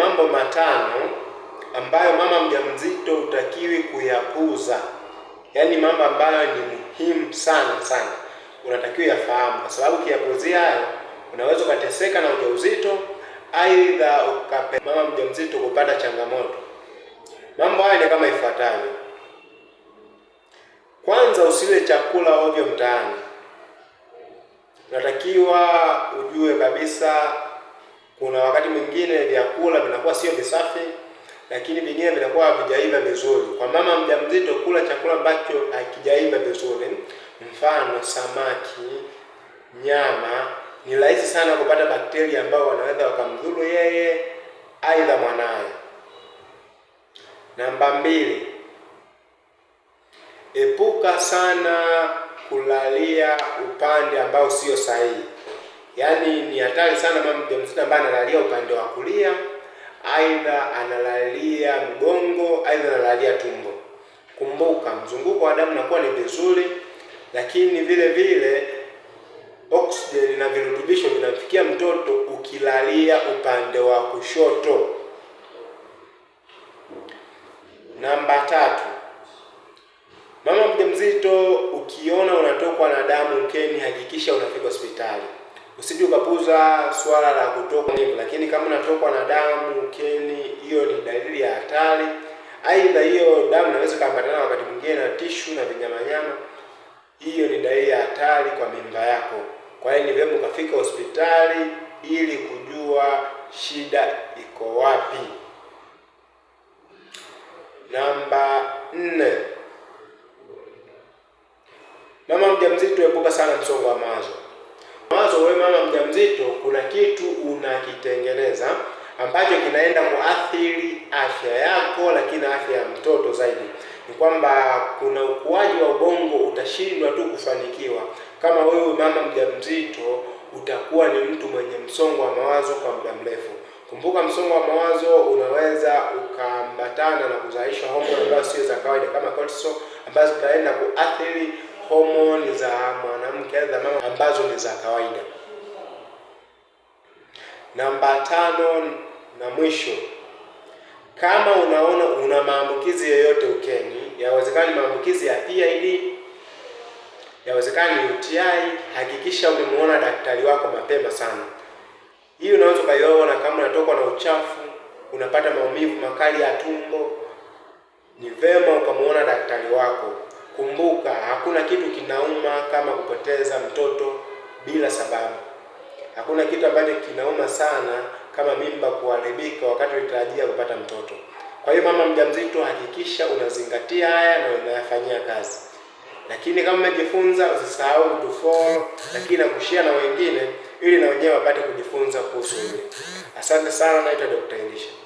mambo matano ambayo mama mjamzito hutakiwi kuyapuuza, yaani mambo ambayo ni muhimu sana sana unatakiwa yafahamu, kwa sababu ukiyapuuzia hayo unaweza ukateseka na ujauzito, aidha ukape mama mjamzito kupata changamoto. Mambo haya ni kama ifuatavyo: kwanza, usile chakula ovyo mtaani. Unatakiwa ujue kabisa kuna wakati mwingine vyakula vinakuwa sio visafi, lakini vingine vinakuwa havijaiva vizuri. Kwa mama mjamzito, kula chakula ambacho hakijaiva vizuri, mfano samaki, nyama, ni rahisi sana kupata bakteria ambao wanaweza wakamdhuru yeye aidha mwanaye. Namba mbili, epuka sana kulalia upande ambao sio sahihi. Yaani ni hatari sana mama mjamzito ambaye analalia upande wa kulia, aidha analalia mgongo, aidha analalia tumbo. Kumbuka mzunguko wa damu unakuwa ni vizuri, lakini vile vile oksijeni na virutubisho vinamfikia mtoto ukilalia upande wa kushoto. Namba tatu, mama mjamzito ukiona unatokwa na damu ukeni, hakikisha unafika hospitali. Usije ukapuza swala la kutokwa neva, lakini kama unatokwa na damu ukeni, hiyo ni dalili ya hatari. Aidha, hiyo damu inaweza kuambatana wakati mwingine na tishu na vinyamanyama, hiyo ni dalili ya hatari kwa mimba yako. Kwa hiyo ni vyema ukafika hospitali ili kujua shida iko wapi. Namba nne, mama mjamzito, epuka sana msongo wa mawazo uzito, kuna kitu unakitengeneza ambacho kinaenda kuathiri afya yako, lakini afya ya mtoto zaidi. Ni kwamba kuna ukuaji wa ubongo utashindwa tu kufanikiwa. Kama wewe mama mjamzito, utakuwa ni mtu mwenye msongo wa mawazo kwa muda mrefu. Kumbuka, msongo wa mawazo unaweza ukaambatana na kuzalisha homoni ambazo sio za kawaida kama cortisol, ambazo zitaenda kuathiri homoni za mwanamke za mama ambazo ni za kawaida. Namba tano na mwisho, kama unaona una maambukizi yoyote ukeni, yawezekani maambukizi ya PID, yawezekani UTI, hakikisha umemwona daktari wako mapema sana. Hii unaweza ukaiona kama unatokwa na uchafu, unapata maumivu makali ya tumbo, ni vema ukamwona daktari wako. Kumbuka, hakuna kitu kinauma kama kupoteza mtoto bila sababu. Hakuna kitu ambacho kinauma sana kama mimba kuharibika wakati unatarajia kupata mtoto. Kwa hiyo mama mjamzito, hakikisha unazingatia haya na unayafanyia kazi. Lakini kama umejifunza, usisahau kufollow, lakini na kushare na wengine, ili na wenyewe wapate kujifunza kuhusu hili. Asante sana, naitwa Dr. Elisha.